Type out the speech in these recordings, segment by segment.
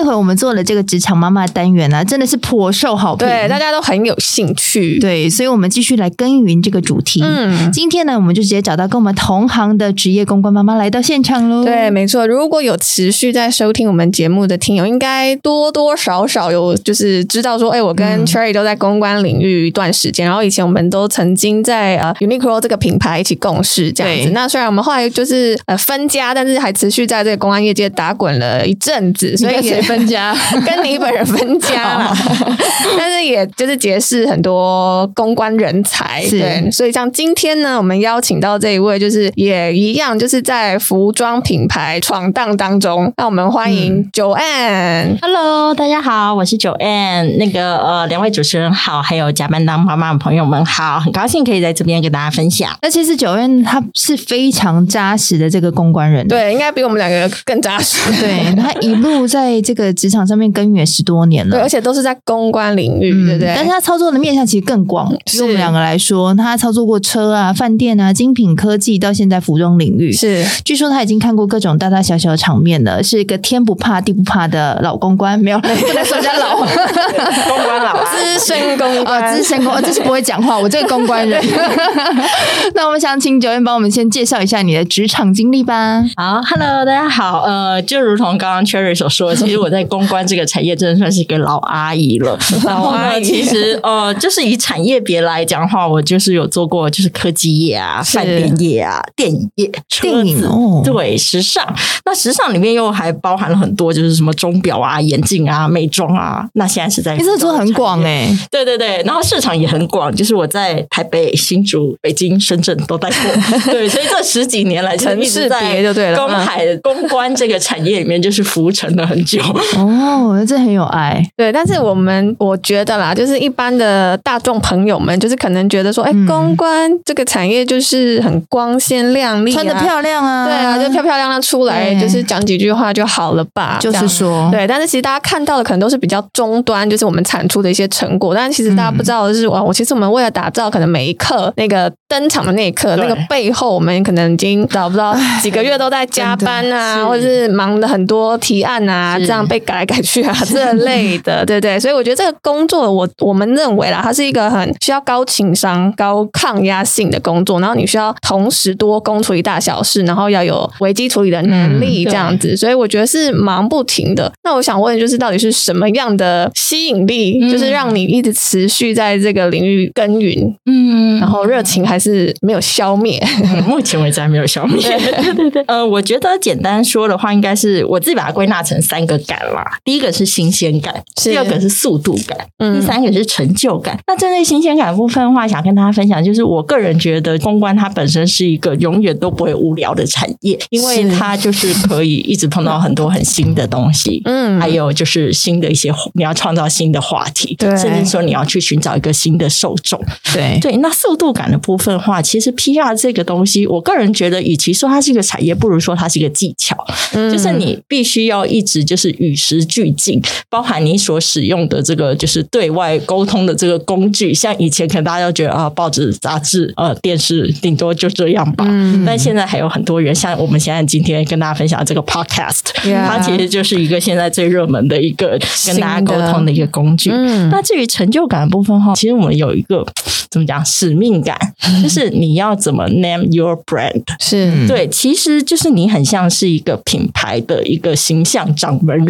這回我們做了這個職場媽媽單元啊，真的是頗受好評，對，大家都很有興趣，對，所以我們繼續來耕耘這個主題。嗯，今天呢，我們就直接找到跟我們同行的職業公關媽媽來到現場嘍。對，沒錯，如果有持續在收聽我們節目的聽友，應該多多少少有就是知道說，哎、欸，我跟 Cherry 都在公關領域一段時間，嗯、然後以前我們都曾經在呃 Uniqlo 這個品牌一起共事，這樣子。對那雖然我們後來就是呃分家，但是還持續在這個公關業界打滾了一陣子，耶所以、就是分家，跟你本人分家， 但是也就是結識很多公關人才，是對，所以像今天呢，我們邀請到這一位，就是也一樣，就是在服裝品牌闖蕩當中，那我們歡迎 Joanne。嗯、Hello，大家好，我是 Joanne。那個呃，兩位主持人好，還有加班當媽媽的朋友們好，很高興可以在這邊跟大家分享。那其實 Joanne 他是非常紮實的這個公關人，對，應該比我們兩個更紮實。 對，他一路在這個。在職場上面耕耘十多年了，對，而且都是在公關領域，對不對？但是他操作的面向其實更廣。就我們兩個來說，他操作過車啊、飯店啊、精品科技，到現在服裝領域，是。據說他已經看過各種大大小小的場面了，是一個天不怕地不怕的老公關。沒有，不能說人家老公關老資深公關，資深公，關，這是不會講話。我這個公關人。那我們想請 Joanne 幫我們先介紹一下你的職場經歷吧。好，Hello，大家好，呃，就如同剛剛 Cherry 所說，其實我。在公關這個產業，真的算是一個老阿姨了。 老阿姨，其實 呃，就是以產業別來講的話，我就是有做過，就是科技業啊、飯店是業啊、電影業、車子電影、哦、對時尚。那時尚裡面又還包含了很多，就是什麼鐘錶啊、眼鏡啊、美妝啊。那現在，在、欸、這是在、欸，其實做很廣哎，對對對。然後市場也很廣，就是我在台北、新竹、北京、深圳都待過。 對，所以這十幾年來就是一直在公海公關這個產業裡面，就是浮沉了很久。 哦，我覺得這很有愛。對，但是我們我覺得啦，就是一般的大眾朋友們，就是可能覺得說，哎、嗯欸，公關這個產業就是很光鮮亮麗，啊，穿得漂亮啊，對啊，就漂漂亮亮出來，對就是講幾句話就好了吧？就是說，對。但是其實大家看到的可能都是比較終端，就是我們產出的一些成果。但是其實大家不知道的是，嗯、哇，我其實我們為了打造可能每一刻那個登場的那一刻，對那個背後我們可能已經找不到幾個月都在加班啊，或者是忙了很多提案啊，是這樣。被改來改去啊，這類的，對對，所以我覺得這個工作，我我們認為啦，它是一個很需要高情商、高抗壓性的工作，然後你需要同時多工處理大小事，然後要有危機處理的能力，這樣子，所以我覺得是忙不停的。那我想問，就是到底是什麼樣的吸引力，就是讓你一直持續在這個領域耕耘？嗯，然後熱情還是沒有消滅、嗯 嗯？目前為止還沒有消滅。對，對對對，呃，我覺得簡單說的話，應該是我自己把它歸納成三個。感了，第一個是新鮮感，是第二個是速度感，嗯、第三個是成就感。那針對新鮮感的部分的話，想跟大家分享，就是我個人覺得公關它本身是一個永遠都不會無聊的產業，因為它就是可以一直碰到很多很新的東西。嗯是，還有就是新的一些你要創造新的話題，對、嗯，甚至說你要去尋找一個新的受眾，對對。那速度感的部分的話，其實 PR 這個東西，我個人覺得，與其說它是一個產業，不如說它是一個技巧，嗯、就是你必須要一直就是。與時俱進，包含你所使用的這個就是對外溝通的這個工具，像以前可能大家都覺得啊，報紙、雜誌、呃，電視，頂多就這樣吧。嗯、但現在還有很多人，像我們現在今天跟大家分享這個 Podcast，、嗯、它其實就是一個現在最熱門的一個的跟大家溝通的一個工具。那、嗯、至於成就感的部分哈，嗯、其實我們有一個怎麼講使命感，嗯、就是你要怎麼 Name Your Brand 是對，其實就是你很像是一個品牌的一個形象掌門人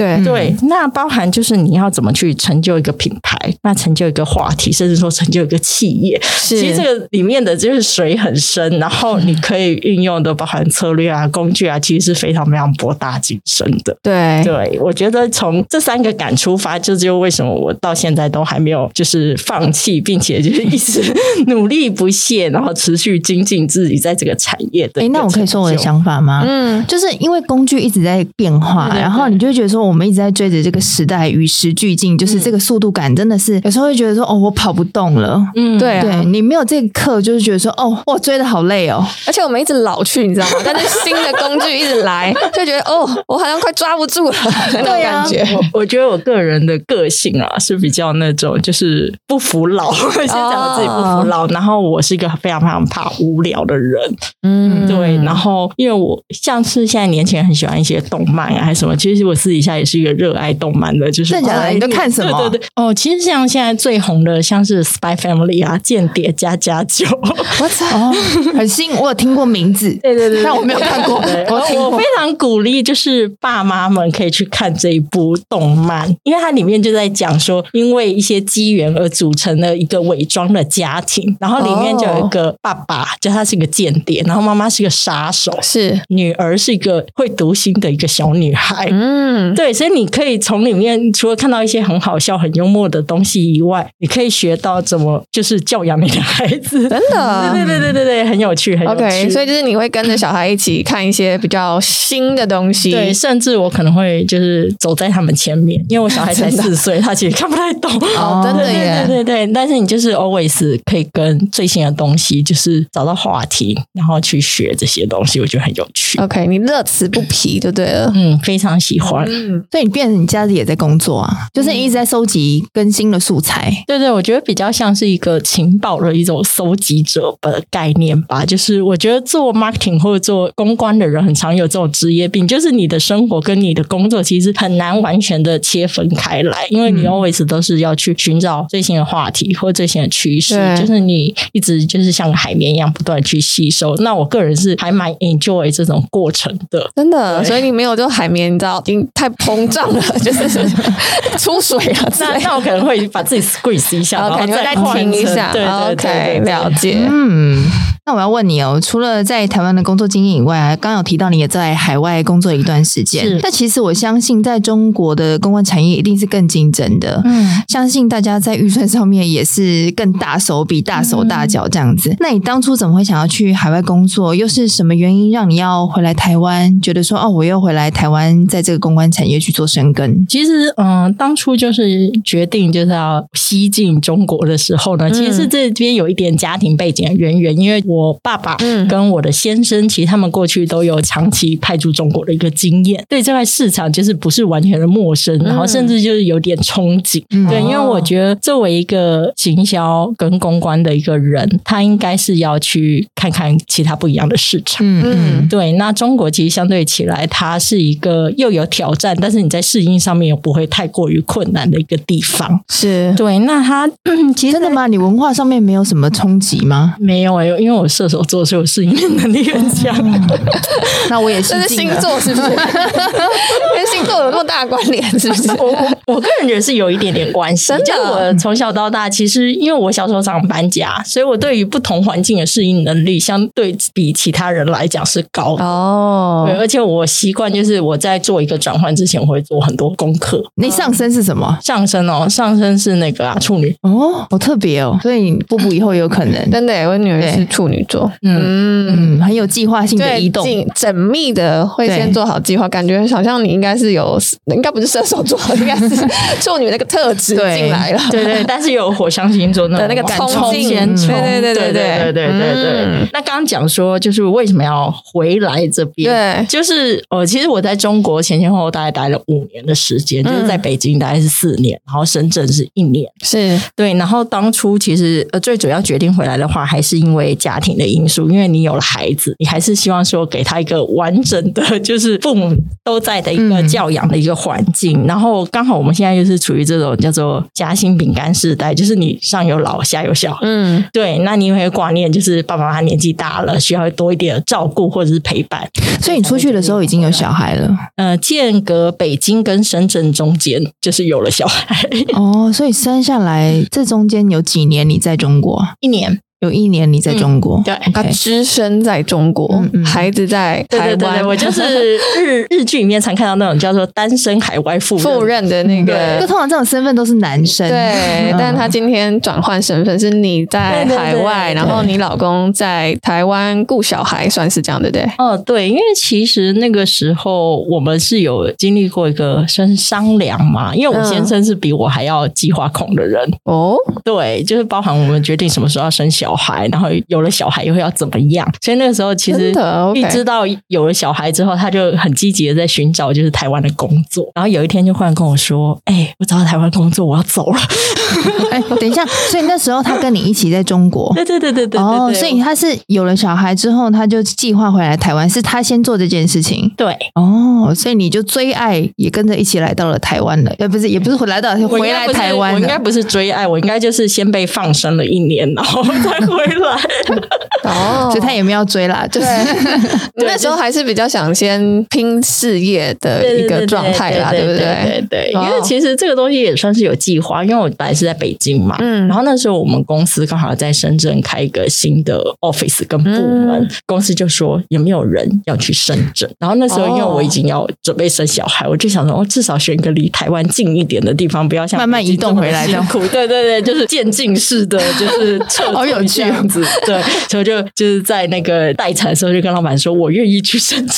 對對，對嗯、那包含就是你要怎麼去成就一個品牌，那成就一個話題，甚至說成就一個企業，是其實這個裡面的就是水很深，然後你可以運用的、嗯、包含策略啊、工具啊，其實是非常非常博大精深的。對對，我覺得從這三個感出發，這、就是、就為什麼我到現在都還沒有就是放棄，並且就是一直、嗯、努力不懈，然後持續精進自己在這個產業的。誒，那我可以說我的想法嗎？嗯，就是因為工具一直在變化，嗯、然後你就覺得說。我們一直在追着這個時代與時俱進，就是這個速度感真的是有時候會覺得說哦，我跑不動了，嗯，對、啊、對你沒有這一刻，就是覺得說哦，我、哦、追的好累哦，而且我們一直老去，你知道嗎？但是新的工具一直來， 就覺得哦，我好像快抓不住了，那種、個、感覺、啊我。我覺得我個人的個性啊是比較那種就是不服老，先講我自己不服老，哦、然後我是一個非常非常怕無聊的人，嗯，對，然後因為我像是現在年輕人很喜歡一些動漫啊，還是什麼，其實我自己下。也是一個熱愛動漫的，就是真的，你都看什麼？對對哦，其實像現在最紅的，像是《Spy Family》啊，間諜家家酒。我操，很新，我有聽過名字， 對對對，但我沒有看過。 對過我非常鼓勵，就是爸媽們可以去看這一部動漫，因為它裡面就在講說，因為一些機緣而組成了一個偽裝的家庭，然後裡面就有一個爸爸，哦、就他是一個間諜，然後媽媽是一個殺手，是女兒是一個會讀心的一個小女孩，嗯。對，所以你可以從裡面除了看到一些很好笑、很幽默的東西以外，你可以學到怎麼就是教養你的孩子。真的、啊，對對對對對對，嗯、很有趣，很有趣。Okay, 所以就是你會跟着小孩一起看一些比較新的東西， 對，甚至我可能會就是走在他們前面，因為我小孩才四歲，的他其實看不太懂。哦，對對對對對。對耶但是你就是 always 可以跟最新的東西就是找到話題，然後去學這些東西，我覺得很有趣。OK，你樂此不疲，就對了。 嗯，非常喜歡。嗯所以你變成你家裡也在工作啊，就是你一直在收集更新的素材、嗯。對對，我覺得比較像是一個情報的一種收集者的概念吧。就是我覺得做 marketing 或者做公關的人，很常有這種職業病，就是你的生活跟你的工作其實很難完全的切分開來，因為你 always 都是要去尋找最新的話題或最新的趨勢，嗯、就是你一直就是像海綿一樣不斷去吸收。那我個人是還蠻 enjoy 這種過程的，真的。對所以你沒有就海綿，你知道，太。膨脹了就是出水了， 那那我可能會把自己 squeeze 一下，okay, 然後再聽一下，對對，對對對，okay, 了解，嗯。那我要問你哦，除了在台灣的工作經驗以外啊，剛剛有提到你也在海外工作一段時間。是，那其實我相信在中國的公關產業一定是更競爭的，嗯，相信大家在預算上面也是更大手筆、大手大腳這樣子。嗯、那你當初怎麼會想要去海外工作？又是什麼原因讓你要回來台灣？覺得說哦，我又回來台灣，在這個公關產業去做生根。其實，嗯、呃，當初就是決定就是要西進中國的時候呢，嗯、其實是這邊有一點家庭背景的淵源，源，因為我。我爸爸跟我的先生，嗯、其實他們過去都有長期派駐中國的一個經驗，對這塊市場就是不是完全的陌生，然後甚至就是有點憧憬。嗯、對，因為我覺得作為一個行銷跟公關的一個人，他應該是要去看看其他不一樣的市場。嗯，嗯對。那中國其實相對起來，它是一個又有挑戰，但是你在適應上面又不會太過於困難的一個地方。是對。那他、嗯、其實真的嗎？你文化上面沒有什麼衝擊嗎、嗯？沒有、欸、因為我。射手座是有適應能力很強，嗯、 那我也是。這是星座是不是？ 大關聯是不是？ 我我個人覺得是有一點點關係。為、啊、我從小到大，其實因為我小時候常搬家，所以我對於不同環境的適應能力，相對比其他人來講是高的哦。而且我習慣就是我在做一個轉換之前，我會做很多功課、嗯。那上升是什麼？上升哦，上升是那個啊、處女哦，好特別哦。所以你步步以後有可能 真的，我女兒是處女座，嗯、嗯，很有計劃性的移動，縝密的會先做好計劃，對感覺好像你應該是有。應該不是射手座，應該是受你們那個特質進來了。 對，對對，但是有火象星座那，那那個衝勁，對對對對對對對。那剛剛講說，就是為什麼要回來這邊？對，就是我、呃、其實我在中國前前後後大概待了五年的時間，嗯、就是在北京大概是四年，然後深圳是一年，是對。然後當初其實呃，最主要決定回來的話，還是因為家庭的因素，因為你有了孩子，你還是希望說給他一個完整的，就是父母都在的一個教養的一個、嗯。環境，然後剛好我們現在就是處於這種叫做“夾心餅乾”時代，就是你上有老下有小。嗯，對，那你有沒有掛念，就是爸爸媽媽年紀大了，需要多一點的照顧或者是陪伴。所以你出去的時候已經有小孩了，呃，間隔北京跟深圳中間就是有了小孩。哦，所以生下來這中間有幾年你在中國？一年。有一年你在中國，嗯、對，okay，他隻身在中國，嗯、孩子在台灣。對對對對，我就是日 日劇裡面常看到那種叫做單身海外赴赴任的那個，就通常這種身份都是男生。對，但是他今天轉換身份，是你在海外，對對對對，然後你老公在台灣顧小孩，算是這樣的對？哦，對，因為其實那個時候我們是有經歷過一個生商量嘛，因為我先生是比我還要計劃控的人哦，嗯、對，就是包含我們決定什麼時候要生小孩。小孩，然後有了小孩又會要怎麼樣？所以那個時候其實一直到有了小孩之後，他就很積極的在尋找就是台灣的工作。然後有一天就忽然跟我說：“哎、欸，我找到台灣工作，我要走了。”哎，等一下，所以那時候他跟你一起在中國？對對對對對。哦，所以他是有了小孩之後，他就計劃回來台灣，是他先做這件事情。對。哦，所以你就追愛也跟着一起來到了台灣了？哎，不是，也不是回來到回來台灣我。我應該不是追愛，我應該就是先被放生了一年，然後。 回來哦 ，oh, 所以他也沒有追啦？就是對 就那時候還是比較想先拼事業的一個狀態啦，對不對？對，因為其實這個東西也算是有計劃，因為我本來是在北京嘛，嗯，然後那時候我們公司剛好在深圳開一個新的 office 跟部門，嗯、公司就說，有沒有人要去深圳？嗯、然後那時候因為我已經要準備生小孩，哦、我就想說哦，至少選一個離台灣近一點的地方，不要像慢慢移動回來這樣，對對對，就是漸進式的，就是撤、 哦。有這樣子對，所以就就是在那個待產的時候，就跟老板說：“我願意去深圳。”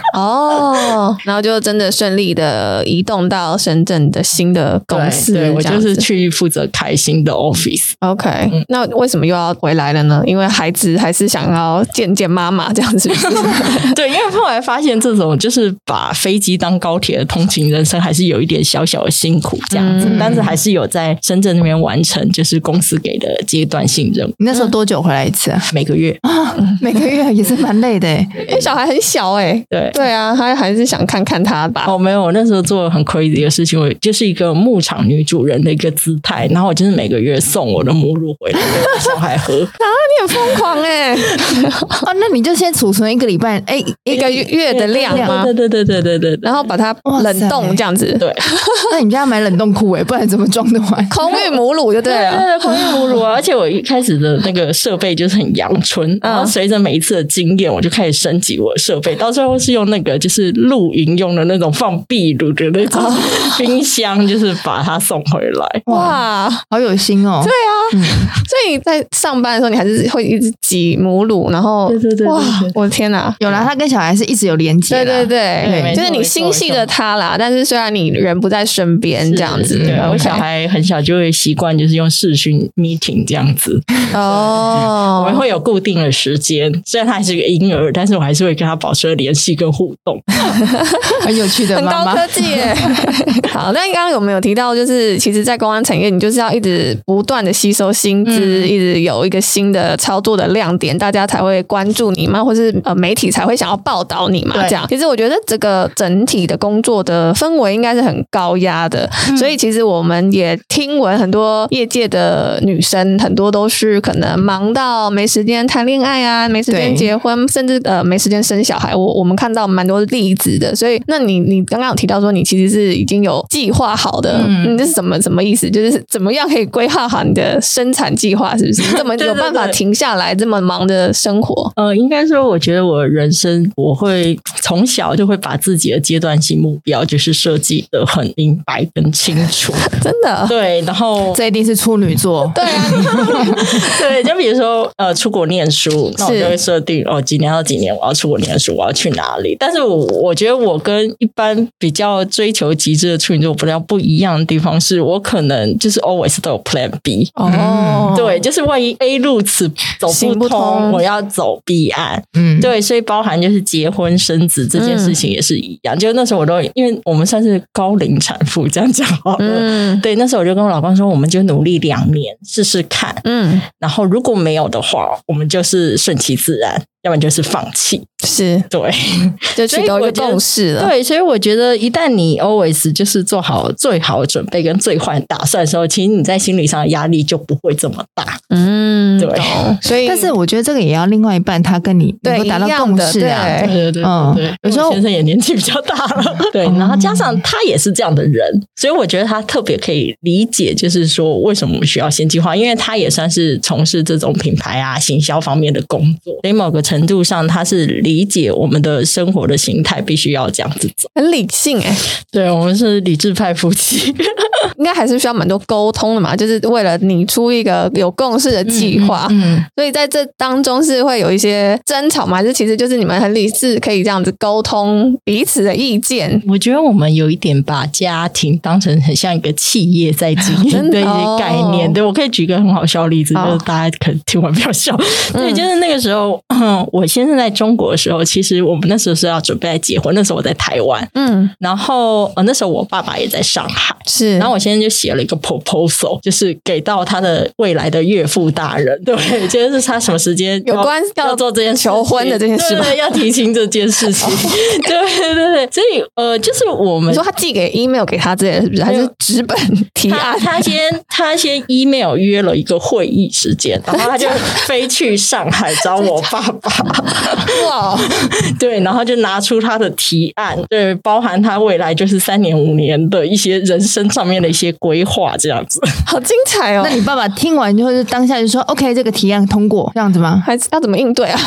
哦，然後就真的順利的移動到深圳的新的公司對。對，我就是去負責開新的 office。OK，、嗯、那為什麼又要回來了呢？因為孩子還是想要見見媽媽這樣子是不是？ 對，因為後來發現這種就是把飛機當高鐵的通勤，人生還是有一點小小的辛苦這樣子，嗯、但是還是有在深圳那邊完成就是公司給的階段性任務。那時候多久回來一次啊？嗯、每個月啊，每個月也是蠻累的、欸， 因為小孩很小哎、欸。對對啊，他還是想看看他吧。哦，oh, 沒有，我那時候做了很 crazy 的事情，我就是一個牧場女主人的一個姿態，然後我就是每個月送我的母乳回來給小孩喝 啊！你很瘋狂哎、欸、 啊！那你就先儲存一個禮拜，哎、欸，一個月的量啊，對,對對對對對對，然後把它冷凍這樣子。欸、對，那你就要買冷凍庫哎，不然怎麼裝得完？ 空運母乳就對了，對對對空運母乳啊！而且我一開始。呃，那個設備就是很陽春，然後隨着每一次的經驗，我就開始升級我的設備。到最後是用那個就是露營用的那種放泌乳的那種冰箱，就是把它送回來。哇，好有心哦！對啊，所以在上班的時候，你還是會一直擠母乳，然後對對對。哇，我的天哪，有了，他跟小孩是一直有連接的，對對對，就是你心繫着他啦。但是雖然你人不在身邊，這樣子。我小孩很小就會習慣，就是用視訊 meeting 這樣子。哦，對 oh. 我們會有固定的時間，雖然他還是個嬰兒，但是我還是會跟他保持聯繫跟互動， 很有趣的，很高科技耶、欸。 好，那剛剛有沒有提到，就是其實，在公關產業，你就是要一直不斷的吸收新知，嗯、一直有一個新的操作的亮點，大家才會關注你嘛，或是呃媒體才會想要報道你嘛，對這樣。其實我覺得這個整體的工作的氛圍應該是很高壓的，嗯、所以其實我們也聽聞很多業界的女生，很多都是。可能忙到沒時間談戀愛啊，沒時間結婚，對甚至呃沒時間生小孩。我我們看到蠻多例子的，所以那你你剛剛有提到說，你其實是已經有計劃好的，你、嗯嗯、這是什麼什麼意思？就是怎麼樣可以規劃好你的生產計劃？是不是？怎麼有辦法停下來這麼忙的生活？對對對呃，應該說，我覺得我人生我會從小就會把自己的階段性目標就是設計得很明白跟清楚， 真的對。然後這一定是處女座、嗯，對啊。 對，就比如說，呃，出國念書，是那我就會設定哦，幾年到幾年，我要出國念書，我要去哪裡？但是我，我我覺得我跟一般比較追求極致的處女座比較不一樣的地方是，我可能就是 always 都有 plan B 哦，對，就是萬一 A 路子走不通，不通我要走 B 案。嗯，對，所以包含就是結婚生子這件事情也是一樣，嗯、就是那時候我都因為我們算是高齡產婦，這樣講好了，嗯，對，那時候我就跟我老公說，我們就努力兩年試試看，嗯。然後如果沒有的話，我們就是順其自然，要不然就是放棄。是對，就取得一個共識了。對，所以我覺得一旦你 always 就是做好最好準備跟最壞打算的時候，其實你在心理上的壓力就不會這麼大。嗯，對。所以，但是我覺得這個也要另外一半他跟你有沒有達到共識啊。對對對，對對對。有時候先生也年紀比較大了，說對，然後加上他也是這樣的人，嗯、所以我覺得他特別可以理解，就是說為什麼我們需要先計劃，因為他也算是從事這種品牌啊、行銷方面的工作，所以某個程度上他是理。理解我們的生活的形態，必須要這樣子做。很理性哎、欸。對我們是理智派夫妻， 應該還是需要蠻多溝通的嘛，就是為了擬出一個有共識的計劃、嗯。嗯，所以在這當中是會有一些爭吵嘛？這其實就是你們很理智，可以這樣子溝通彼此的意見。我覺得我們有一點把家庭當成很像一個企業在經營 的一些概念。哦、對，我可以舉一個很好笑的例子，哦、就是大家可能聽完不要笑。所以、嗯、就是那個時候。嗯、我先生在中國的時候，其實我們那時候是要準備來結婚。那時候我在台灣，嗯，然後呃，那時候我爸爸也在上海，是。然後我先生就寫了一個 proposal，就是給到他的未來的岳父大人，對，對，就是他什麼時間有關要做這件求婚的這件事，要提親這件事情， 對，對對對。所以呃，就是我們你說他寄給 email 給他這件事是不是？他就直本提啊，他先他先 email 約了一個會議時間，然後他就飛去上海找我爸。 爸爸哇， 對，然後就拿出他的提案，對，包含他未來就是三年五年的一些人生上面的一些規劃，這樣子，好精彩哦！那你爸爸聽完之後，就當下就說 “OK”，這個提案通過這樣子嗎？還是要怎麼應對啊？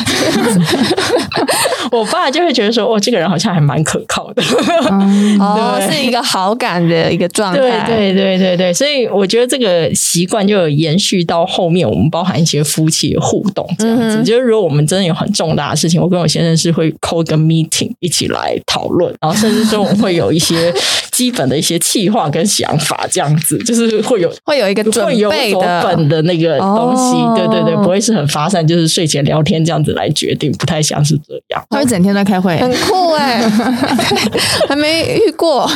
我爸就會覺得說：“哦，這個人好像還蠻可靠的。 嗯”哦，對是一個好感的一個狀態，對對對對對，所以我覺得這個習慣就有延續到後面，我們包含一些夫妻的互動這樣子，嗯嗯就是如果我們。真的有很重大的事情，我跟我先生是會 call 個 meeting 一起來討論，然後甚至說我們會有一些基本的一些企劃跟想法，這樣子，就是會有會有一個準備的有所本的那個東西。哦、對對對，不會是很發散，就是睡前聊天這樣子來決定，不太像是這樣。他會整天在開會、欸，很酷哎、欸， 還沒遇過。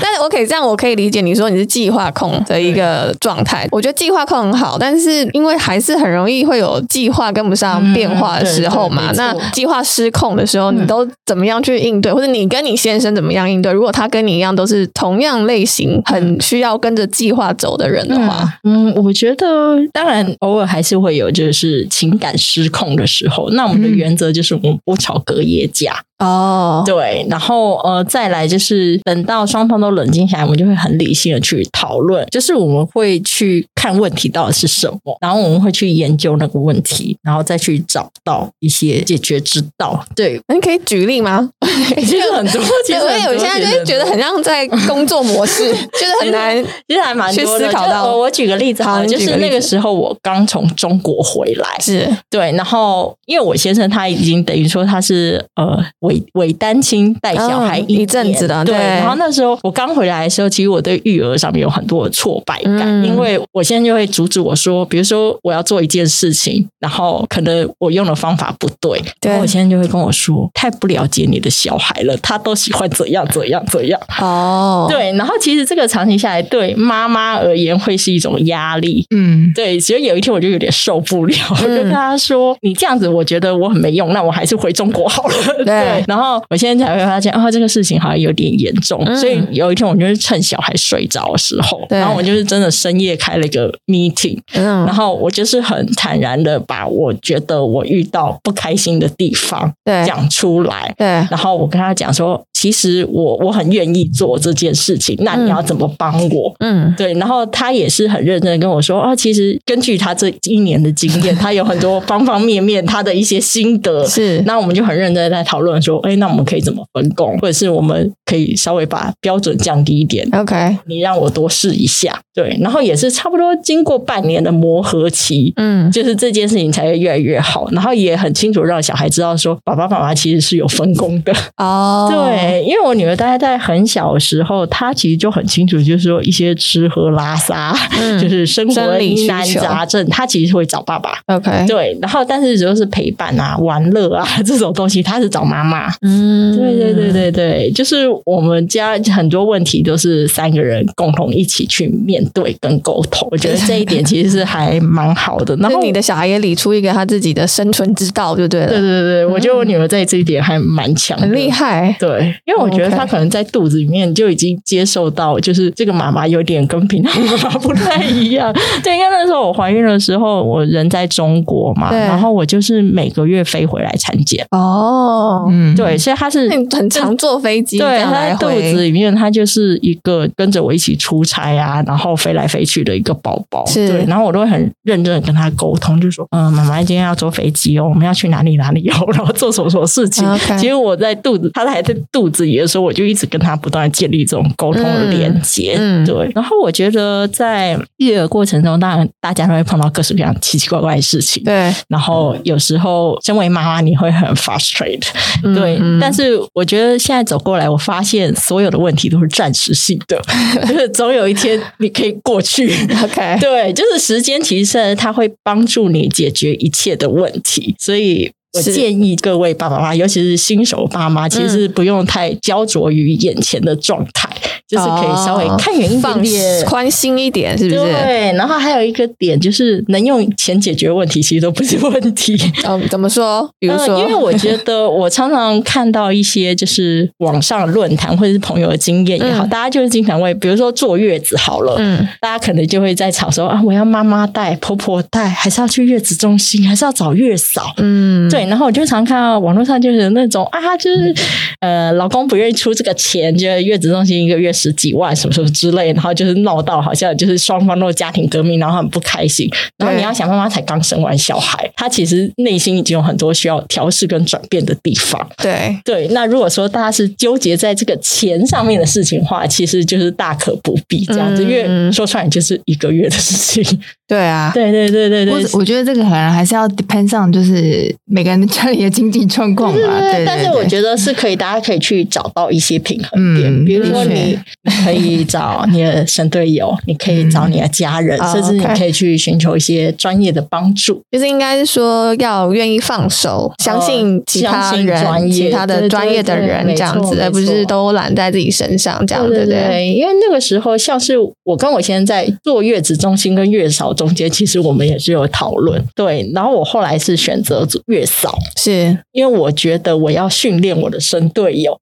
但是我可以這樣，我可以理解你說你是計劃控的一個狀態。對我覺得計劃控很好，但是因為還是很容易會有計劃跟不上變化的。嗯時候嘛，那計劃失控的時候，你都怎麼樣去應對？嗯，或者你跟你先生怎麼樣應對？如果他跟你一樣都是同樣類型，很需要跟着計劃走的人的話，嗯，嗯，我覺得當然偶爾還是會有，就是情感失控的時候。那我們的原則就是我們不吵隔夜架。嗯哦，oh. 對，然後呃，再來就是等到雙方都冷靜下來，我們就會很理性的去討論，就是我們會去看問題到底是什麼，然後我們會去研究那個問題，然後再去找到一些解決之道。對，你、嗯、可以舉例嗎？ 就 其實很多，所以對我現在就會覺得很像在工作模式， 就是很難，就是還蠻去思考到其實還滿多的。我舉個例子，好像、嗯、就是那個時候我剛從中國回來，是對，然後因為我先生他已經等於說他是呃，我。偽單親帶小孩一、哦、一陣子的，對，對。然後那時候我剛回來的時候，其實我對育兒上面有很多的挫敗感，嗯、因為我先生就會阻止我說，比如說我要做一件事情，然後可能我用的方法不對，對，然後我先生就會跟我說，太不了解你的小孩了，他都喜歡怎樣怎樣怎樣。哦，對。然後其實這個長期下來，對媽媽而言會是一種壓力。嗯，對。其實有一天我就有點受不了，我、嗯、跟他說：“你這樣子，我覺得我很沒用，那我還是回中國好了。”對。對然後我現在才會發現，啊、哦，這個事情好像有點嚴重。嗯、所以有一天，我就是趁小孩睡着的時候，對然後我就是真的深夜開了一個 meeting，、嗯、然後我就是很坦然的把我覺得我遇到不開心的地方講出來，對，對，然後我跟他講說，其實我我很願意做這件事情，那你要怎麼幫我？嗯，對。然後他也是很認真地跟我說啊、哦，其實根據他這一年的經驗， 他有很多方方面面他的一些心得。是，那我們就很認真地在討論說，哎，那我們可以怎麼分工？或者是我們可以稍微把標準降低一點？OK，你讓我多試一下。對，然後也是差不多經過半年的磨合期，嗯，就是這件事情才會越來越好。然後也很清楚讓小孩知道說，爸爸媽媽其實是有分工的。哦，oh. 對。欸、因為我女兒大概在很小的時候，她其實就很清楚，就是說一些吃喝拉撒，嗯、就是生活裡山雜症，嗯、她其實會找爸爸。OK，對。然後，但是如果是陪伴啊、玩樂啊這種東西，她是找媽媽。嗯，對對對對對，就是我們家很多問題都是三個人共同一起去面對跟溝通。我覺得這一點其實是還蠻好的。 然後你的小孩也理出一個他自己的生存之道就對了，對不對？對對對對，我覺得我女兒在這一點還蠻強，很厲害。對。因為我覺得他可能在肚子裡面就已經接受到，就是這個媽媽有點跟平常媽媽不太一樣。 對，因為那時候我懷孕的時候，我人在中國嘛，對然後我就是每個月飛回來產檢。哦，對，所以他是很常坐飛機。對，他在肚子裡面，他就是一個跟着我一起出差啊，然後飛來飛去的一個寶寶。是對，然後我都會很認真跟他溝通，就說：“嗯，媽媽今天要坐飛機哦，我們要去哪裡哪裡遊，哦，然後做什麼什麼事情。Okay ”其實我在肚子，他還在肚子。自己的時候，我就一直跟他不斷建立這種溝通的連接。嗯，嗯對。然後我覺得在育兒過程中，當然大家會碰到各式各樣奇奇怪怪的事情。對。然後有時候，身為媽媽，你會很 frustrated、嗯。對。嗯、但是我覺得現在走過來，我發現所有的問題都是暫時性的，就是總有一天你可以過去。OK。 對，就是時間其實它會幫助你解決一切的問題，所以。我建議各位爸爸媽媽，尤其是新手爸媽，其實不用太焦灼於眼前的狀態。嗯就是可以稍微看遠一點，寬心一點，是不是？對。然後還有一個點就是，能用錢解決問題，其實都不是問題。嗯，怎麼說？比如說，因為我覺得我常常看到一些就是網上論壇或者是朋友的經驗也好，大家就是經常會，比如說坐月子好了，大家可能就會在吵說啊，我要媽媽帶，婆婆帶，還是要去月子中心，還是要找月嫂？嗯，對。然後我就常看到網絡上就是那種啊，就是呃，老公不願意出這個錢，就月子中心一個月，十幾萬什麼什麼之類，然後就是鬧到好像就是雙方都是家庭革命，然後很不開心。然後你要想，媽媽才剛生完小孩，對她其實內心已經有很多需要調適跟轉變的地方。對對，那如果說大家是糾結在這個錢上面的事情的話，嗯、其實就是大可不必這樣子，嗯、因為說出來就是一個月的事情。對啊，對對對對對。我我覺得這個可能還是要 depends on，就是每個人家裡的經濟狀況吧。的對，對，對，但是我覺得是可以，大家可以去找到一些平衡點，嗯、比如說你。可以找你的神隊友，你可以找你的家人，甚至你可以去尋求一些專業的幫助。就是應該是說要願意放手，相信其他人，其他的專業的人這樣子，而不是都攬在自己身上這樣，對不對？因為那個時候，像是我跟我先生在坐月子中心跟月嫂中間，其實我們也是有討論，對。然後我後來是選擇做月嫂，是因為我覺得我要訓練我的神隊友，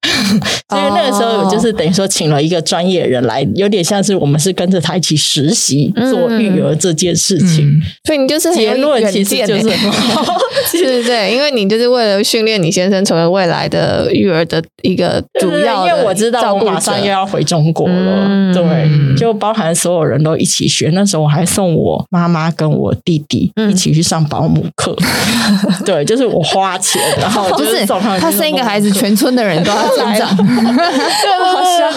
所以那個時候我就是等於說請了一個。專業人來，有點像是我們是跟着他一起實習做育兒這件事情，嗯嗯、所以你就是、欸、結論其實就是對 不對？因為你就是為了訓練你先生成為未來的育兒的一個主要，因為我知道我馬上又要回中國了，嗯、對，就包含所有人都一起學。那時候我還送我媽媽跟我弟弟一起去上保姆課，嗯、對，就是我花錢，然後就是，他、哦、是他生一個孩子，全村的人都要成長、長，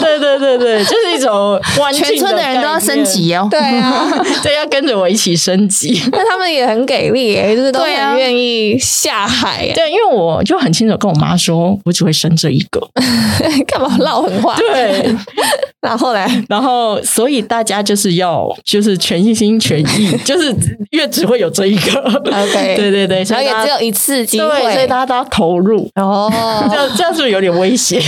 對對對對。 對，對對，就是一種全村的人都要升級哦。 對啊， 對，要跟着我一起升級。那 他們也很給力，就是都很願意下海，對啊。對，因為我就很清楚跟我媽說，我只會生這一個。 幹嘛嘮狠話？對，然後來，然後所以大家就是要就是全心全意，就是越只會有這一個，OK，對對對，然後也只有一次機會，所以大家都要投入哦。這樣這樣是不是有點危險？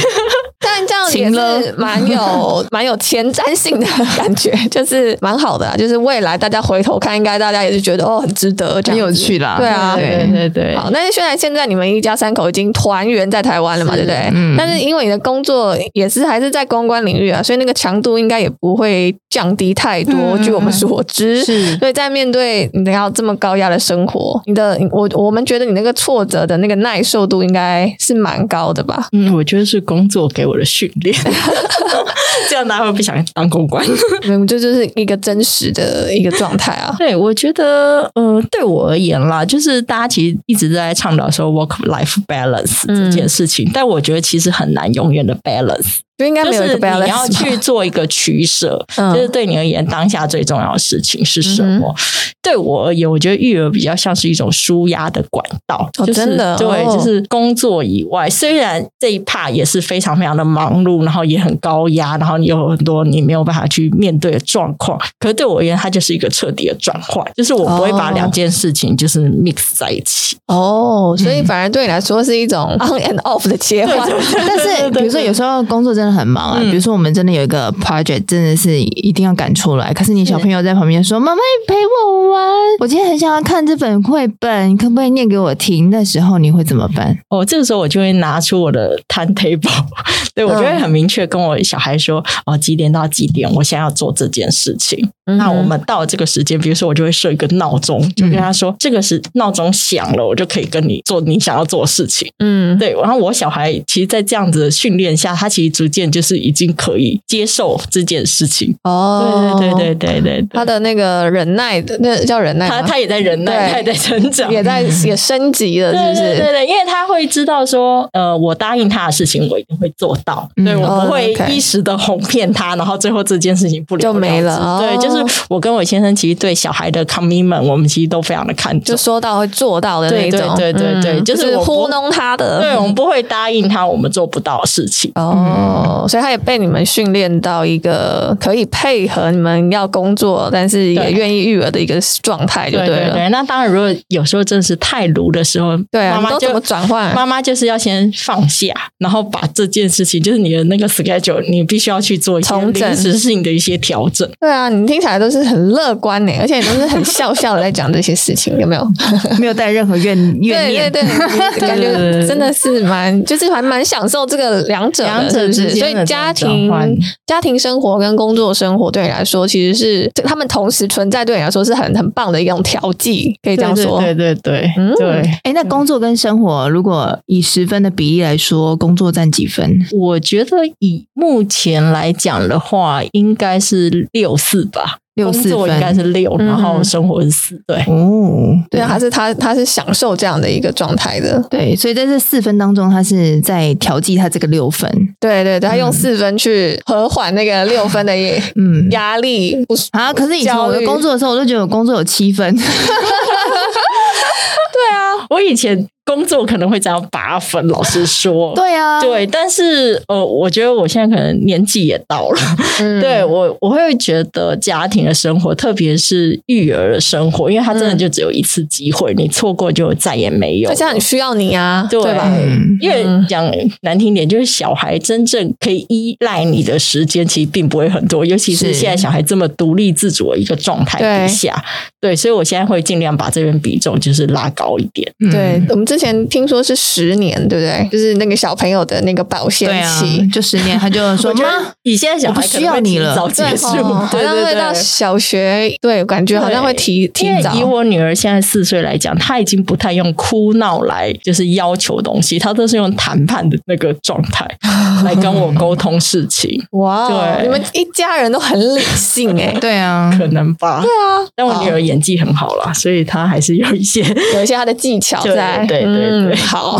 但這樣也是蠻有蠻有前瞻性的感覺，就是蠻好的，就是未來大家回頭看，應該大家也是覺得哦很值得，很有趣啦。對啊，對對對。好，那雖然現在你們一家三口已經團圓在台灣了嘛，對不對？但是因為你的。工作也是還是在公關領域啊，所以那個強度應該也不會降低太多，嗯、據我們所知。是所以，在面對你要這麼高壓的生活，你的我我們覺得你那個挫折的那個耐受度應該是蠻高的吧？嗯，我覺得是工作給我的訓練。 這樣大家會不想當公關？嗯，這就，就是一個真實的一個狀態啊。 對，我覺得，嗯、呃、對我而言啦，就是大家其實一直在倡導說 work-life balance 這件事情，嗯、但我覺得其實很難永遠的 balance。就應該沒有一個標準，就是你要去做一個取捨，嗯、就是對你而言當下最重要的事情是什麼？嗯、哼對我而言，我覺得育兒比較像是一種舒壓的管道，哦，就是、真的。對，哦、就是工作以外，雖然這一 part 也是非常非常的忙碌，然後也很高壓，然後你有很多你沒有辦法去面對的狀況。可是對我而言，它就是一個徹底的轉換，就是我不會把兩件事情就是 mix 在一起。哦，嗯、所以反而對你來說是一種 on and off 的切換。但是比如說有時候工作真的真的很忙啊，嗯、比如說我們真的有一個 project，真的是一定要趕出來。可是你小朋友在旁邊說：“媽媽、嗯、陪我玩，我今天很想要看這本繪本，可不可以念給我聽？”的時候，你會怎麼辦？哦，這個時候我就會拿出我的 timetable，嗯、對我就會很明確跟我小孩說：“哦，幾點到幾點我想要做這件事情。嗯”那我們到了這個時間，比如說我就會設一個鬧鐘，就跟他說：“嗯、這個是鬧鐘響了，我就可以跟你做你想要做的事情。”嗯，對。然後我小孩其實，在這樣子的訓練下，他其實逐件就是已經可以接受這件事情哦，對對對對對，他的那個忍耐，那叫忍耐，他他也在忍耐，也在成長，也在也升級了，對，是對對，因為他會知道說，呃，我答應他的事情，我一定會做到，對我不會一時的哄騙他，然後最後這件事情不了了之就沒了。對，就是我跟我先生其實對小孩的 commitment 我們其實都非常的看重，就說到會做到的那一種，對對對對對，就是糊弄他的，對我們不會答應他我們做不到的事情哦。哦，所以他也被你們訓練到一個可以配合你們要工作，但是也願意育兒的一個狀態，就對了。對對對，那當然，如果有時候真的是太盧的時候，對啊，媽媽怎麼轉換？媽媽就是要先放下，然後把這件事情，就是你的那個 schedule，你必須要去做從臨時性的一些調整，整。對啊，你聽起來都是很樂觀呢，而且你都是很笑笑的在講這些事情，有沒有？ 沒有帶任何怨怨念。對對對，覺感覺真的是蠻，就是還蠻享受這個兩者，兩者是。所以家庭、家庭生活跟工作生活對你來說，其實是他們同時存在，對你來說是很很棒的一種調劑，可以這樣說。對對，對對對，嗯，對。哎、欸，那工作跟生活，如果以十分的比例來說，工作占幾分？對，我覺得以目前來講的話，應該是六四吧。四，工作應該是六、嗯哼，然後生活是四、嗯，對哦，對啊，他是他他是享受這樣的一個狀態的，對，所以在這四分當中，他是在調劑他這個六分，對對對，他用四分去和緩那個六分的嗯壓力啊，可是以前我的工作的時候，慮我都覺得我工作有七分， 對啊，我以前。工作可能會這樣八分，老實說，對啊，對，但是呃，我覺得我現在可能年紀也到了，嗯、對我我會覺得家庭的生活，特別是育兒的生活，因為他真的就只有一次機會，嗯、你錯過就再也沒有。在家裡需要你啊。對，對吧？嗯、因為講難聽點，就是小孩真正可以依賴你的時間其實並不會很多，尤其是現在小孩這麼獨立自主的一個狀態底下，是對，對，所以我現在會盡量把這邊比重就是拉高一點。對，嗯、我們。之前聽說是十年，對不對？就是那個小朋友的那個保鮮期就十年，他就說，我覺得你現在小孩不需要你了，現在四歲，對對對，到小學對，感覺好像會提提早。以我女兒現在四歲來講，她已經不太用哭鬧來就是要求東西，她都是用談判的那個狀態來跟我溝通事情。哇，對，你們一家人都很理性哎。對啊，可能吧。對啊，但我女兒演技很好啦，所以她還是有一些有一些她的技巧在。對。嗯，好。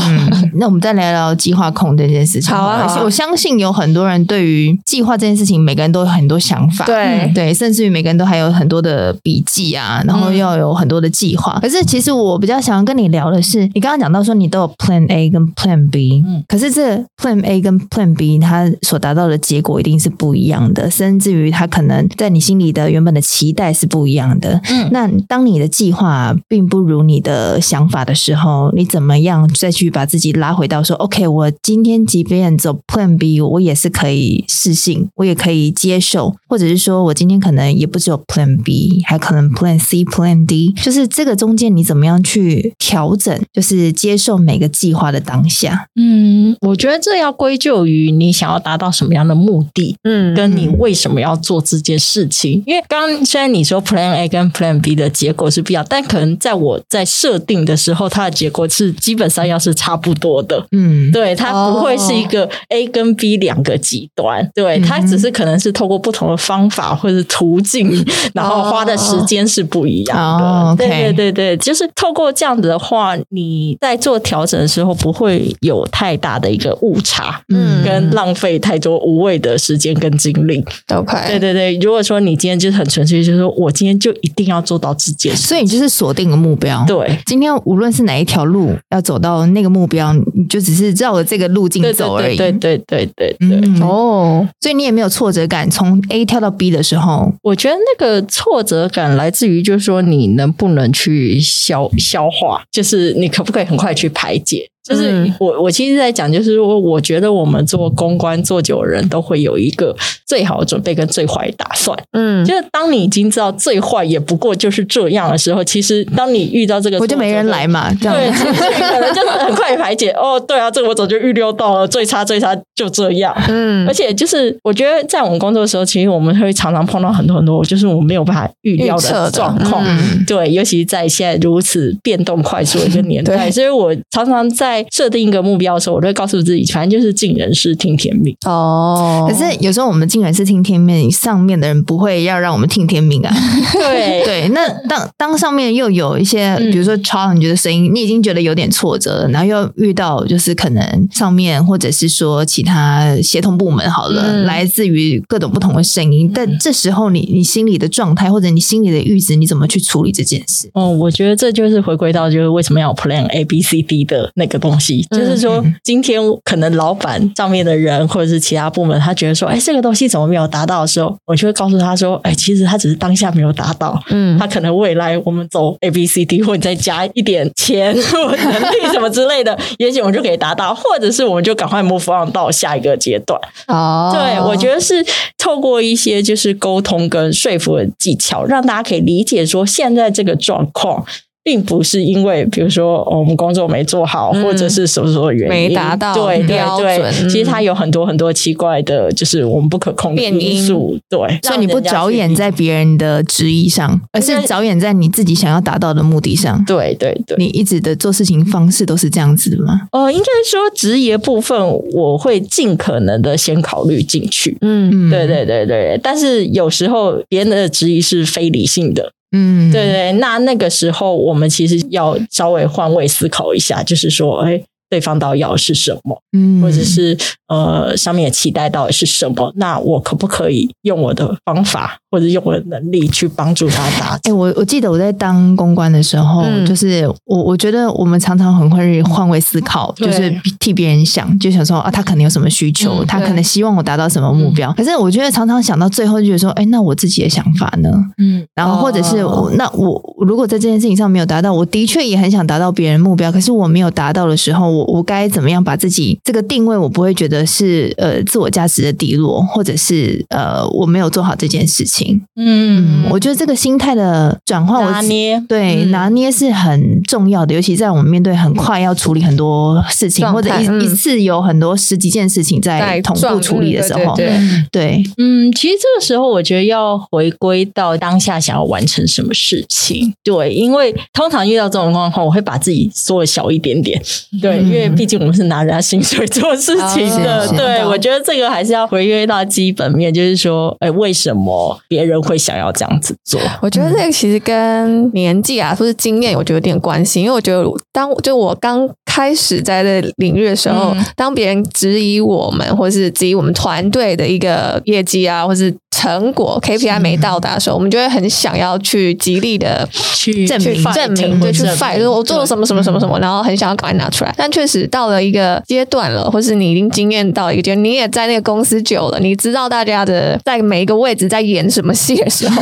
那我們再來聊，聊計劃控這件事情。好啊，好啊，我相信有很多人對於計劃這件事情，每個人都有很多想法。對對，甚至於每個人都還有很多的筆記啊，嗯、然後要有很多的計劃。可是，其實我比較想要跟你聊的是，你剛剛講到說你都有 Plan A 跟 Plan B。嗯。可是這 Plan A 跟 Plan B，它所達到的結果一定是不一樣的，甚至於它可能在你心裡的原本的期待是不一樣的。嗯。那當你的計劃並不如你的想法的時候，你。怎麼樣再去把自己拉回到說，OK，我今天即便走 Plan B，我也是可以試性，我也可以接受，或者是說我今天可能也不只有 Plan B，還可能 Plan C、Plan D，就是這個中間你怎麼樣去調整，就是接受每個計劃的當下。嗯，我覺得這要歸咎於你想要達到什麼樣的目的，嗯，跟你為什麼要做這件事情。嗯，因為剛剛雖然你說 Plan A 跟 Plan B 的結果是不一樣，但可能在我在設定的時候，它的結果是。是基本上要是差不多的，嗯，對，它不會是一個 A 跟 B 兩個極端，嗯、對，它只是可能是透過不同的方法或者途徑，嗯、然後花的時間是不一樣的，對、哦、對對對，哦 okay、就是透過這樣子的話，你在做調整的時候不會有太大的一個誤差，嗯，跟浪費太多無謂的時間跟精力，OK，、嗯、對對對，如果說你今天就是很純粹，就是說我今天就一定要做到這件事。所以你就是鎖定個目標，對，今天無論是哪一條路。要走到那個目標，你就只是繞着這個路徑走而已。對對對對對，對，對，嗯。哦，所以你也沒有挫折感。從 A 跳到 B 的時候，我覺得那個挫折感來自於，就是說你能不能去消消化，就是你可不可以很快去排解。就是我、嗯、我其實在講，就是我我覺得我們做公關做久的人都會有一個最好的準備跟最壞的打算。嗯，就是當你已經知道最壞也不過就是這樣的時候，其實當你遇到這個，我就沒人來嘛，這樣子，對，可能就是很快排解。 哦，對啊，這個、我早就預料到了，最差最差就這樣。嗯，而且就是我覺得在我們工作的時候，其實我們會常常碰到很多很多，就是我們沒有辦法預料的狀況。嗯、對，尤其是在現在如此變動快速的一個年代，對所以我常常在。在設定一個目標的時候，我都會告訴自己，反正就是盡人事聽天命。哦，oh, 可是有時候我們盡人事聽天命，上面的人不會要讓我們聽天命啊。對 對，那當當上面又有一些，嗯、比如說超你覺得聲音，你已經覺得有點挫折了，然後又遇到就是可能上面或者是說其他協同部門好了，嗯、來自於各種不同的聲音，嗯、但這時候你你心裡的狀態或者你心裡的閾值，你怎麼去處理這件事？哦，我覺得這就是回歸到就是為什麼要 Plan A B C D 的那個東西就是說，今天可能老闆上面的人或者是其他部門，他覺得說，哎、欸，這個東西怎麼沒有達到的時候，我就會告訴他說，哎、欸，其實他只是當下沒有達到，嗯，他可能未來我們走 A B C D，或你再加一點錢，或能力什麼之類的， 也許我們就可以達到，或者是我們就趕快 move on 到下一個階段。哦，對，我覺得是透過一些就是溝通跟說服的技巧，讓大家可以理解說現在這個狀況。並不是因為，比如說我們工作沒做好，或者是什麼什麼原因沒達到，對對對，其實它有很多很多奇怪的，就是我們不可控的因素，對。所以你不着眼在別人的質疑上，而是着眼在你自己想要達到的目的上。對對對，你一直的做事情方式都是這樣子的嗎？哦，應該說職業部分我會盡可能的先考慮進去。嗯，對對對對，但是有時候別人的質疑是非理性的。嗯，對對，那那個時候我們其實要稍微換位思考一下，就是說，誒、哎。對方到底要是什麼，或者是呃上面的期待到底是什麼？那我可不可以用我的方法或者用我的能力去幫助他達哎、欸，我我記得我在當公關的時候，嗯、就是我我覺得我們常常很會換位思考，對就是替別人想，就想說啊，他可能有什麼需求，嗯、他可能希望我達到什麼目標。嗯、可是我覺得常常想到最後就覺得說，哎、欸，那我自己的想法呢？嗯，然後或者是我、哦、那我，我如果在這件事情上沒有達到，我的確也很想達到別人目標，可是我沒有達到的時候，我。我該怎麼樣把自己這個定位？我不會覺得是呃自我價值的低落，或者是呃我沒有做好這件事情。嗯、嗯，我覺得這個心態的轉換，我拿捏對、嗯、拿捏是很重要的。尤其在我們面對很快要處理很多事情，嗯、或者一次有很多十幾件事情在同步處理的時候，嗯、對，對嗯，其實這個時候我覺得要回歸到當下想要完成什麼事情。對，因為通常遇到這種狀況，我會把自己縮了小一點點。嗯、對。因為畢竟我們是拿人家薪水做事情的，了對行行，我覺得這個還是要回歸到基本面，就是說，哎、欸，為什麼別人會想要這樣子做？我覺得這個其實跟年紀啊，或是經驗，我覺得有點關係。因為我覺得當就我剛開始在這個領域的時候，嗯、當別人質疑我們，或是質疑我們團隊的一個業績啊，或是成果 KPI 沒到達的時候，我們就會很想要去極力的去證明、證明，就是 fight 就是我做了什麼什麼什麼什麼，然後很想要趕快拿出來。但確實到了一個階段了，或是你已經經驗到一個階段，你也在那個公司久了，你知道大家的在每一個位置在演什麼戲的時候，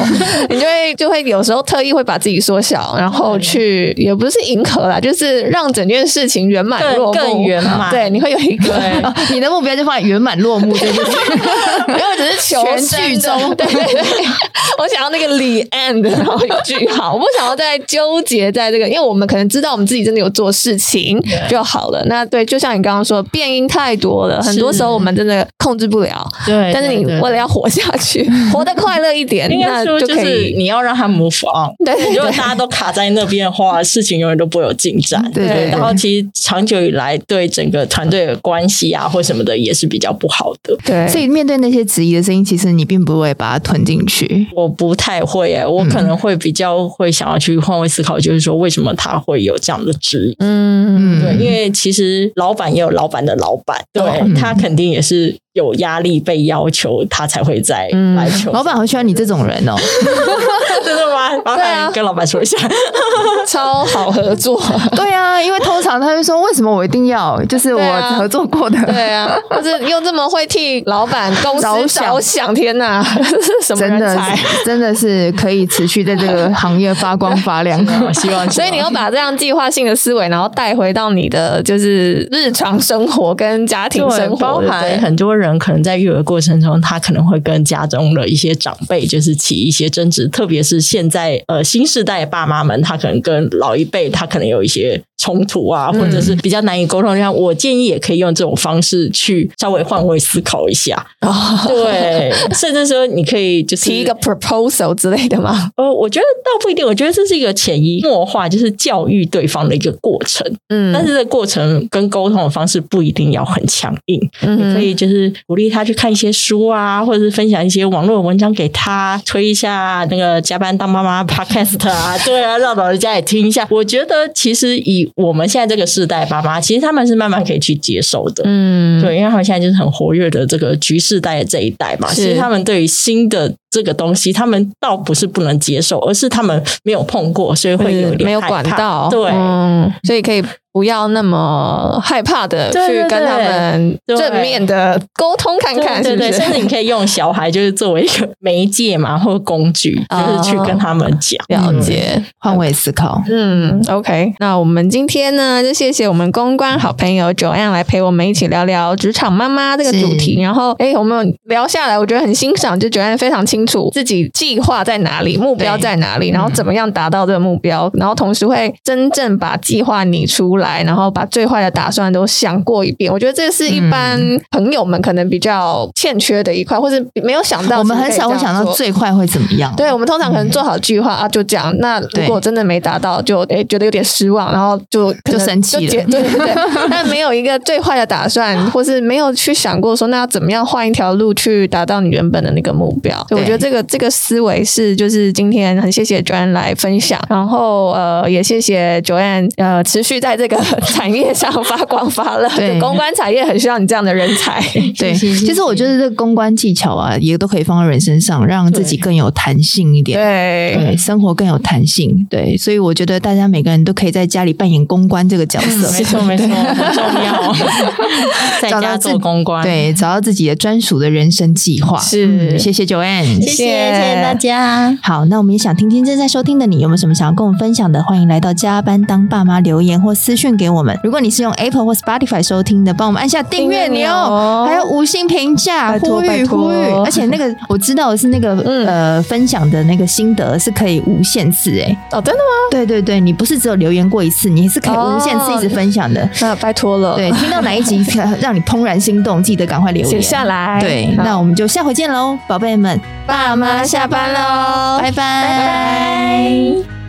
你就會就會有時候特意會把自己縮小，然後去也不是迎合了，就是讓整件事情圓滿落幕，更圓滿。對，你會有一個你的目標就放在圓滿落幕對不對？因為只是求全劇終。哦、對，對，對，我想要那個李 end 然後有句號，我不想要再糾結在這個，因為我們可能知道我們自己真的有做事情就好了。那對，就像你剛剛說，變因太多了，很多時候我們真的控制不了。對是，但是你為了要活下去，對對對，活得快樂一點，應該說就是你要讓他 move on。對，如果大家都卡在那邊的話，事情永遠都不會有進展。對，然後其實長久以來對整個團隊的關係啊或什麼的也是比較不好的。對，所以面對那些質疑的聲音，其實你並不。會把它吞進去、嗯，我不太會哎、欸，我可能會比較會想要去換位思考，就是說為什麼他會有這樣的質疑，嗯，對，因為其實老闆也有老闆的老闆，對，他肯定也是。有壓力被要求，他才會再來求、嗯、老闆很喜歡你這種人哦， 真的嗎？對啊，跟老闆說一下，啊、 超好合作。對啊，因為通常他會說，為什麼我一定要就是我合作過的？對啊，就、啊、是又這麼會替老闆公司着 小想天、啊，天哪，這是什麼人才？真的是可以持續在這個行業發光發亮。希 望所以你要把這樣計劃性的思維，然後帶回到你的就是日常生活跟家庭生活，對包含對很多。人可能在育兒過程中，他可能會跟家中的一些長輩就是起一些爭執，特別是現在呃新世代的爸媽們，他可能跟老一輩他可能有一些衝突啊，或者是比較難以溝通。這樣我建議也可以用這種方式去稍微換位思考一下，哦、對，甚至說你可以就是提一個 proposal 之類的嘛。呃，我覺得倒不一定，我覺得這是一個潛移默化，就是教育對方的一個過程。嗯，但是這個過程跟溝通的方式不一定要很強硬，你、嗯嗯、可以就是。鼓勵他去看一些書啊，或者是分享一些網絡文章給他，推一下那個加班當媽媽 Podcast 啊，對啊，讓老人家也聽一下。我覺得其實以我們現在這個世代爸媽，其實他們是慢慢可以去接受的。嗯，對，因為他們現在就是很活躍的這個局世代這一代嘛，其實是他們對於新的這個東西，他們倒不是不能接受，而是他們沒有碰過，所以會有一點害怕。沒有管道。對，嗯，所以可以。不要那麼害怕的，對對對，去跟他們正面的溝通看看，是不是？甚至你可以用小孩就是作為一個媒介嘛，或者工具，哦、就是去跟他們講，了解、嗯、換位思考。嗯，OK。那我們今天呢，就謝謝我們公關好朋友 Joanne 來陪我們一起聊聊職場媽媽這個主題。是然後，哎，我們聊下來，我覺得很欣賞，就 Joanne 非常清楚自己計劃在哪裡，目標在哪裡，對然後怎麼樣達到這個目標，嗯、然後同時會真正把計劃擬出來。來，然後把最壞的打算都想過一遍。我覺得這是一般朋友們可能比較欠缺的一塊，嗯、或是沒有想到。我們很少會想到最壞會怎麼樣。對，我們通常可能做好計劃、嗯、啊，就這樣。那如果真的沒達到，對就哎、欸、覺得有點失望，然後就就，就生氣了。對對對。 但沒有一個最壞的打算，或是沒有去想過說，那要怎麼樣換一條路去達到你原本的那個目標？對我覺得這個這個思維是，就是今天很謝謝 Joanne 來分享，然後呃也謝謝 Joanne 呃持續在這個。個產業上發光發亮，對公關產業很需要你這樣的人才。對，其實我覺得這個公關技巧啊，也都可以放到人身上，讓自己更有彈性一點。對，對。生活更有彈性。對，所以我覺得大家每個人都可以在家裡扮演公關這個角色。沒錯，沒錯，很重要。在家做公關，對，找到自己的專屬的人生計劃。是，謝謝 Joanne，謝謝大家。好，那我們也想聽聽正在收聽的你有沒有什麼想要跟我們分享的？歡迎來到加班當爸媽留言或私訊。券給我們，如果你是用 Apple 或 Spotify 收聽的，幫我們按下訂閱鈕，還有五星評價，呼籲呼籲。而且那個我知道的是那個、嗯、呃分享的那個心得是可以無限次哎、欸、哦真的嗎？對對對，你不是只有留言過一次，你也是可以無限次一直分享的。哦、那拜托了，對，聽到哪一集才讓你怦然心動，記得趕快留言下來。對，好那我們就下回見嘍，寶貝們，爸媽下班嘍，拜拜拜拜。拜拜